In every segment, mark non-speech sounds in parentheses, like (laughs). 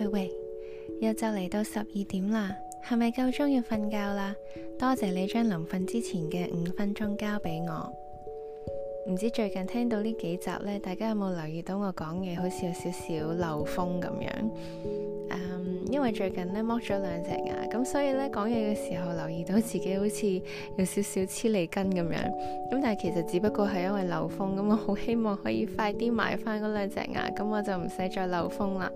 喂喂，又就嚟到十二點啦，係咪夠鐘要瞓覺啦？多謝你將臨瞓之前嘅五分鐘交俾我。唔知最近聽到呢幾集呢，大家有冇留意到我講嘢好似有少少漏風咁樣？嗯，um，因為最近呢剝咗兩隻牙，咁所以呢講嘢嘅時候留意到自己好似有少少黐脷根咁樣。咁但係其實只不過係因為漏風，咁我好希望可以快啲買翻嗰兩隻牙，咁我就唔使再漏風啦。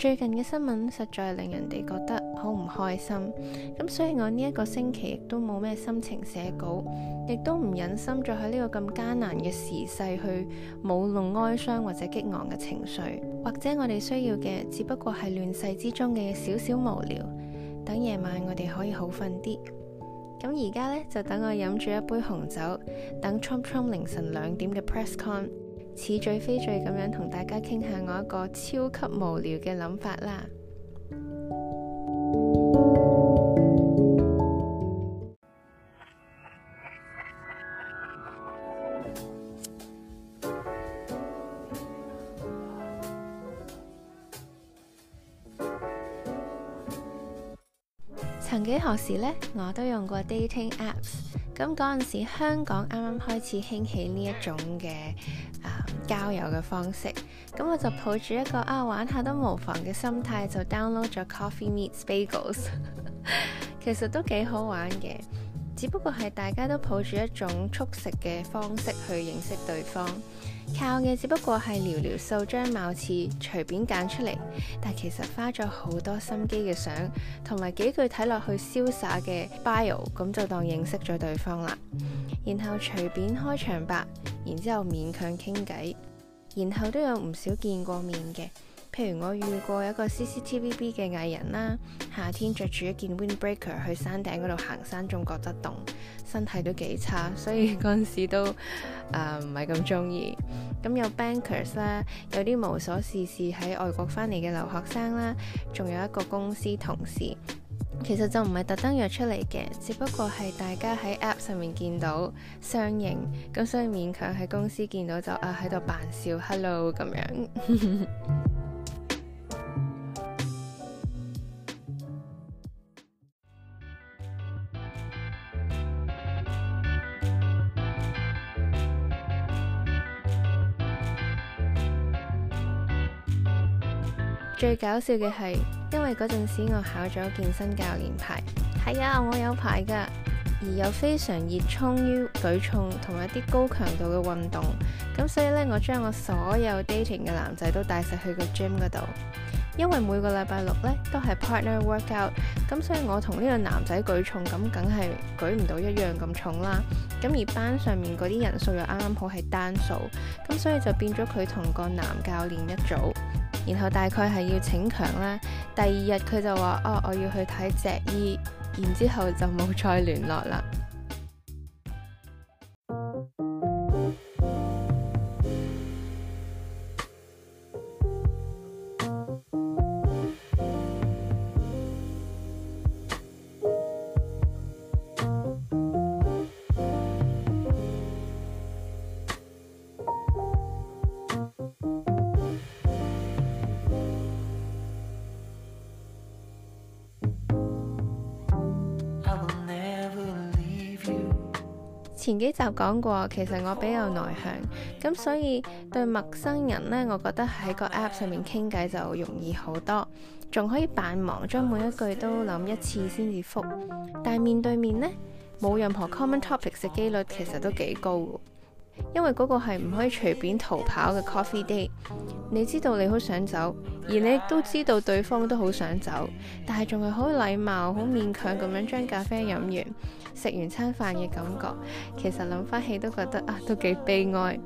最近嘅新聞實在令人哋覺得好唔開心，咁所以我呢一個星期亦都冇咩心情寫稿，亦都唔忍心再喺呢個咁艱難嘅時勢去舞弄哀傷或者激昂嘅情緒，或者我哋需要嘅只不過係亂世之中嘅少少無聊，等夜晚我哋可以好瞓啲。咁而家呢，就等我飲住一杯紅酒，等 Trump Trump 凌晨兩點嘅 press con。似醉非醉咁樣同大家傾下我一個超級無聊嘅諗法啦。 (music) 曾幾何時呢，我都用過 dating apps。咁嗰陣時，香港啱啱開始興起呢一種嘅誒交友嘅方式，咁我就抱住一個啊玩下都無妨嘅心態，就 download 咗 Coffee Meets Bagels。 (laughs) 其實都幾好玩嘅，只不過係大家都抱住一種速食嘅方式去認識對方。靠嘅只不過係寥寥數張貌似隨便揀出嚟，但其實花咗好多心機嘅相，同埋幾句睇落去瀟灑嘅 bio，咁就當認識咗對方啦。然後隨便開場白，然之後勉強傾偈，然後都有唔少見過面嘅。譬如我遇過一個 CCTVB 嘅藝人啦，夏天着住一件 windbreaker 去山頂嗰度行山，仲覺得凍，身體都幾差，所以嗰陣時都唔係咁中意。咁、呃、有 bankers 啦，有啲無所事事喺外國翻嚟嘅留學生啦，仲有一個公司同事，其實就唔係特登約出嚟嘅，只不過係大家喺 app 上面見到相認，咁所以勉強喺公司見到就啊喺度扮笑 hello 咁樣。 (laughs) 最搞笑嘅係，因為嗰陣時我考咗健身教練牌，係啊，我有牌㗎，而又非常熱衷於舉重同埋一啲高強度嘅運動，咁所以呢，我將我所有 dating 嘅男仔都帶晒去個 gym 嗰度，因為每個禮拜六呢都係 partner workout，咁所以我同呢個男仔舉重，咁梗係舉唔到一樣咁重啦。咁而班上面嗰啲人數又啱啱好係單數，咁所以就變咗佢同個男教練一組。然後大概係要請強啦，第二日佢就話，哦，我要去睇脊醫，然之後就冇再聯絡啦。前幾集講過，其實我比較內向，咁所以對陌生人呢，我覺得喺個 App 上面傾偈就容易好多，仲可以扮忙，將每一句都諗一次先至覆。但面對面呢，冇任何 common topics 嘅機率其實都幾高。因為嗰個係唔可以隨便逃跑嘅 coffee date，你知道你好想走，而你都知道對方都好想走，但係仲係好禮貌、好勉強咁樣將咖啡飲完、食完餐飯嘅感覺。其實諗翻起都覺得啊，都幾悲哀。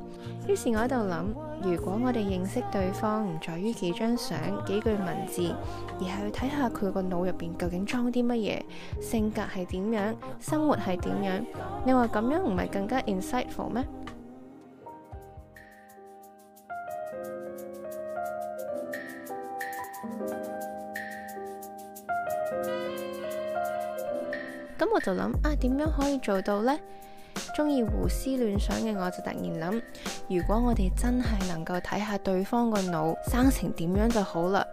於是，我喺度諗，如果我哋認識對方唔在於幾張相、幾句文字，而係去睇下佢個腦入邊究竟裝啲乜嘢，性格係點樣，生活係點樣，你話咁樣唔係更加 insightful 咩？我就諗啊，點樣可以做到呢？中意胡思亂想嘅我就突然諗，如果我哋真係能夠睇下對方個腦生成點樣就好啦。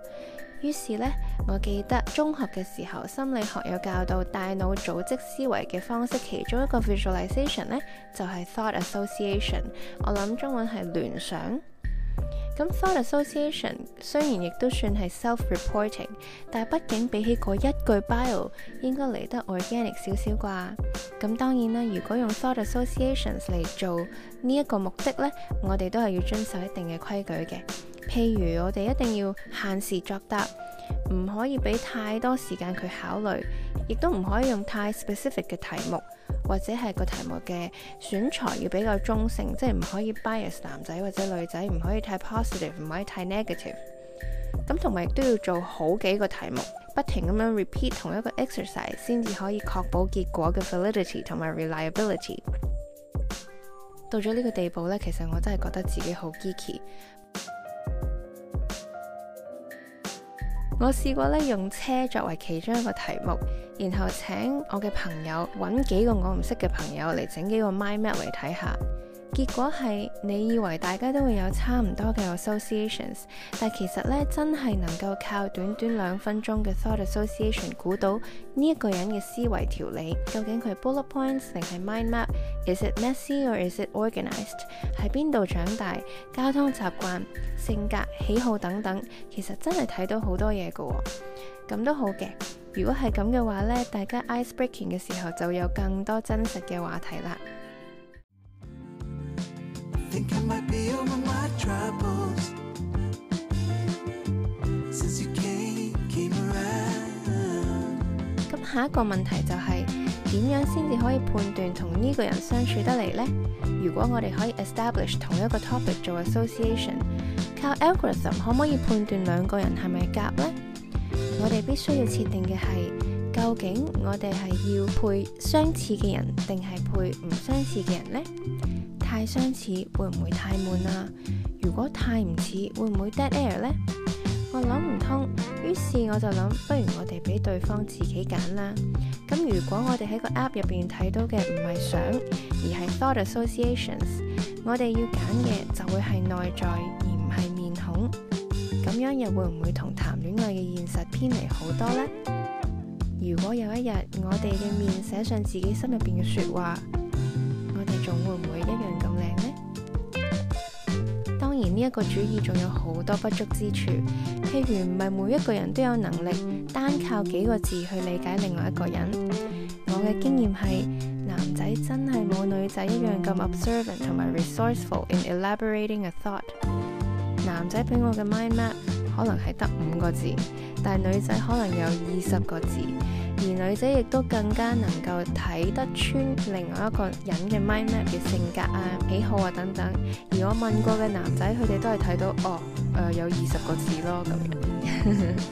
於是呢，我記得中學嘅時候心理學有教導大腦組織思維嘅方式，其中一個 visualization 呢，就係 thought association，我諗中文係聯想。咁 thought association 雖然亦都算係 self-reporting，但係畢竟比起嗰一句 bio 應該嚟得 organic 少少啩。咁當然啦，如果用 thought associations 嚟做呢一個目的呢，我哋都係要遵守一定嘅規矩嘅，譬如我哋一定要限時作答，唔可以俾太多時間佢考慮，亦都唔可以用太 specific 嘅題目。或者係個題目嘅選材要比較中性，即係唔可以 bias 男仔或者女仔，唔可以太 positive，唔可以太 negative。咁同埋都要做好幾個題目，不停咁樣 repeat 同一個 exercise，先至可以確保結果嘅 validity 同埋 reliability。到咗呢個地步呢，其實我真係覺得自己好 geeky。我試過咧，用車作為其中一個題目，然後請我嘅朋友揾幾個我唔識嘅朋友嚟整幾個 mind map 嚟睇下。結果係，你以為大家都會有差唔多嘅 associations，但其實呢，真係能夠靠短短兩分鐘嘅 thought association 估到呢一個人嘅思維條理，究竟佢係 bullet points 定係 mind map？Is it messy or is it organized？喺邊度長大、交通習慣、性格、喜好等等，其實真係睇到好多嘢嘅喎。咁都好嘅，如果係咁嘅話呢，大家 ice breaking 嘅時候就有更多真實嘅話題啦。咁下一個問題就係點樣先至可以判斷同呢個人相處得嚟呢？如果我哋可以 establish 同一個 topic 做 association，靠 algorithm 可唔可以判斷兩個人係咪夾呢？我哋必須要設定嘅係，究竟我哋係要配相似嘅人，定係配唔相似嘅人呢？太相似會唔會太悶啊？如果太唔似會唔會 dead air 咧？我諗唔通，於是我就諗，不如我哋俾對方自己揀啦。咁如果我哋喺個 app 入邊睇到嘅唔係相，而係 thought associations，我哋要揀嘅就會係內在而唔係面孔，咁樣又會唔會同談戀愛嘅現實偏離好多呢？如果有一日我哋嘅面寫上自己心入邊嘅說話，我哋仲會唔會？呢一個主意仲有好多不足之處，譬如唔係每一個人都有能力單靠幾個字去理解另外一個人。我嘅經驗係，男仔真係冇女仔一樣咁 observant 同埋 resourceful in elaborating a thought。男仔俾我嘅 mind map 可能係得五個字，但係女仔可能有二十個字。而女仔亦都更加能夠睇得穿另外一個人嘅 mind map 嘅性格啊、喜好啊等等。而我問過嘅男仔，佢哋都係睇到哦，誒、呃、有二十個字咯，咁 (laughs)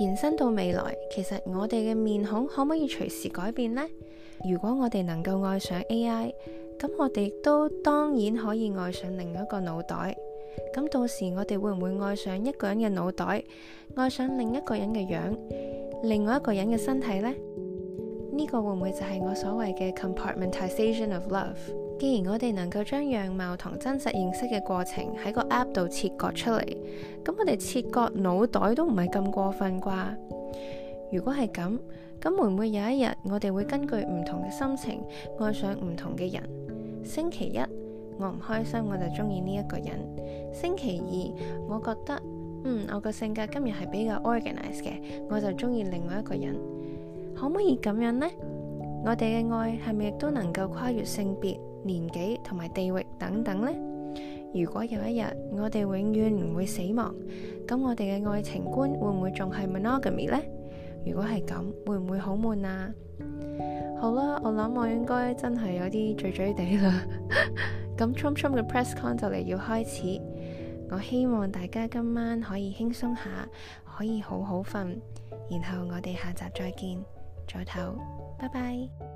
延伸到未來，其實我哋嘅面孔可唔可以隨時改變呢？如果我哋能夠愛上 AI。咁我哋都當然可以愛上另一個腦袋。咁到時我哋會唔會愛上一個人嘅腦袋，愛上另一個人嘅樣，另外一個人嘅身體呢？呢個會唔會就係我所謂嘅 compartmentization of love？既然我哋能夠將樣貌同真實認識嘅過程喺個 app 度切割出嚟，咁我哋切割腦袋都唔係咁過分啩？如果係咁，咁會唔會有一日我哋會根據唔同嘅心情愛上唔同嘅人？星期一我唔開心，我就中意呢一個人。星期二我覺得，嗯，我個性格今日係比較 organised 嘅，我就中意另外一個人。可唔可以咁樣呢？我哋嘅愛係咪亦都能夠跨越性別、年紀同埋地域等等呢？如果有一日我哋永遠唔會死亡，咁我哋嘅愛情觀會唔會仲係 monogamy 呢？如果係咁，會唔會好悶啊？好啦，我諗我應該真係有啲醉醉地啦。咁 Trump Trump 嘅 Press Con 就嚟要開始，我希望大家今晚可以輕鬆下，可以好好瞓，然後我哋下集再見再唞，拜拜。